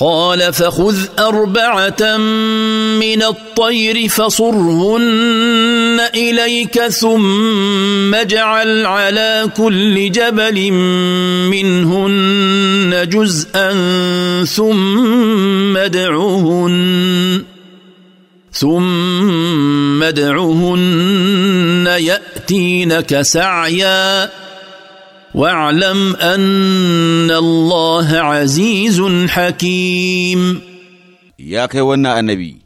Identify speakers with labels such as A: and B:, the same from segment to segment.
A: قال فخذ اربعه من الطير فصرهن اليك ثم اجعل على كل جبل منهن جزءا ثم ادعهن ثم ادعهن ياتينك سعيا واعلم ان الله عزيز حكيم يا kai
B: wannan annabi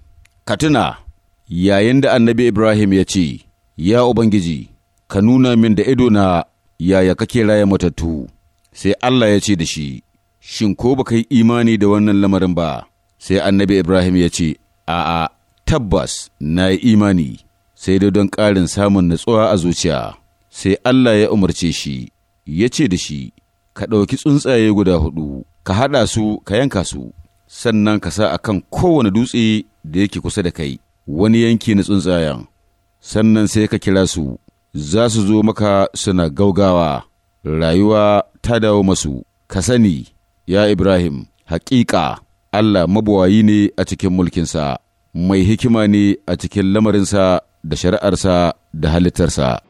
B: ka tuna yayin da annabi Ibrahim ya ce ya ubangiji ka nuna min da ido na yaya kake raya matattu sai Allah ya ce da shi shin ko baka yi imani da wannan lamarin ba sai annabi Ibrahim ya ce a'a tabbas na yi imani sai dai don ƙarin samun natsuwa a zuciya sai Allah ya umarce shi ya ce da shi, Ka ɗauki tsuntsaye guda huɗu, ka haɗa su ka yanka su, sannan ka sa a kan kowane dutse da yake kusa da kai, wani yanki na tsuntsayen, sannan sai ka kira su, za su zo maka suna gaugawa, rayuwa ta dawo masu, ka sani, ya Ibrahim, haƙiƙa Allah mabuwayi ne a cikin mulkinsa, mai hikima ne a cikin lamarinsa da shari'arsa da halittarsa.